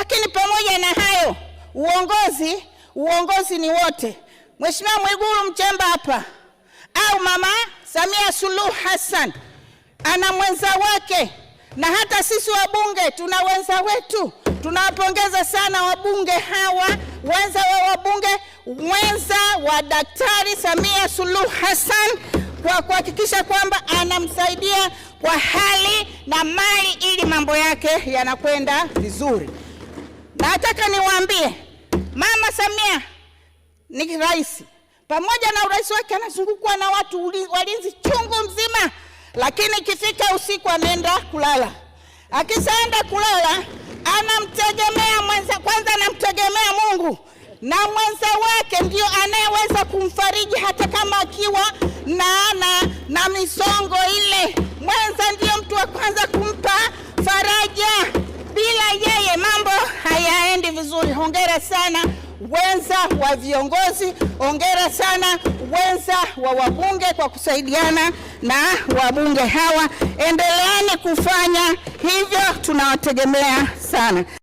Lakini pamoja na hayo, uongozi uongozi ni wote. Mheshimiwa Mwigulu mchemba hapa au Mama Samia Suluhu Hassan ana mwenza wake, na hata sisi wabunge tuna wenza wetu. Tunawapongeza sana wabunge hawa, wenza wa wabunge, mwenza wa Daktari Samia Suluhu Hassan kwa kuhakikisha kwamba anamsaidia kwa hali na mali ili mambo yake yanakwenda vizuri. Nataka niwaambie Mama Samia ni rais, pamoja na urais wake anazungukwa na watu walinzi chungu mzima, lakini ikifika usiku anaenda kulala. Akishaenda kulala anamtegemea mwenza, kwanza anamtegemea Mungu na mwenza wake ndio anayeweza kumfariji hata kama akiwa na, na, na misongo hongera sana wenza wa viongozi, hongera sana wenza wa wabunge kwa kusaidiana na wabunge hawa. Endeleeni kufanya hivyo, tunawategemea sana.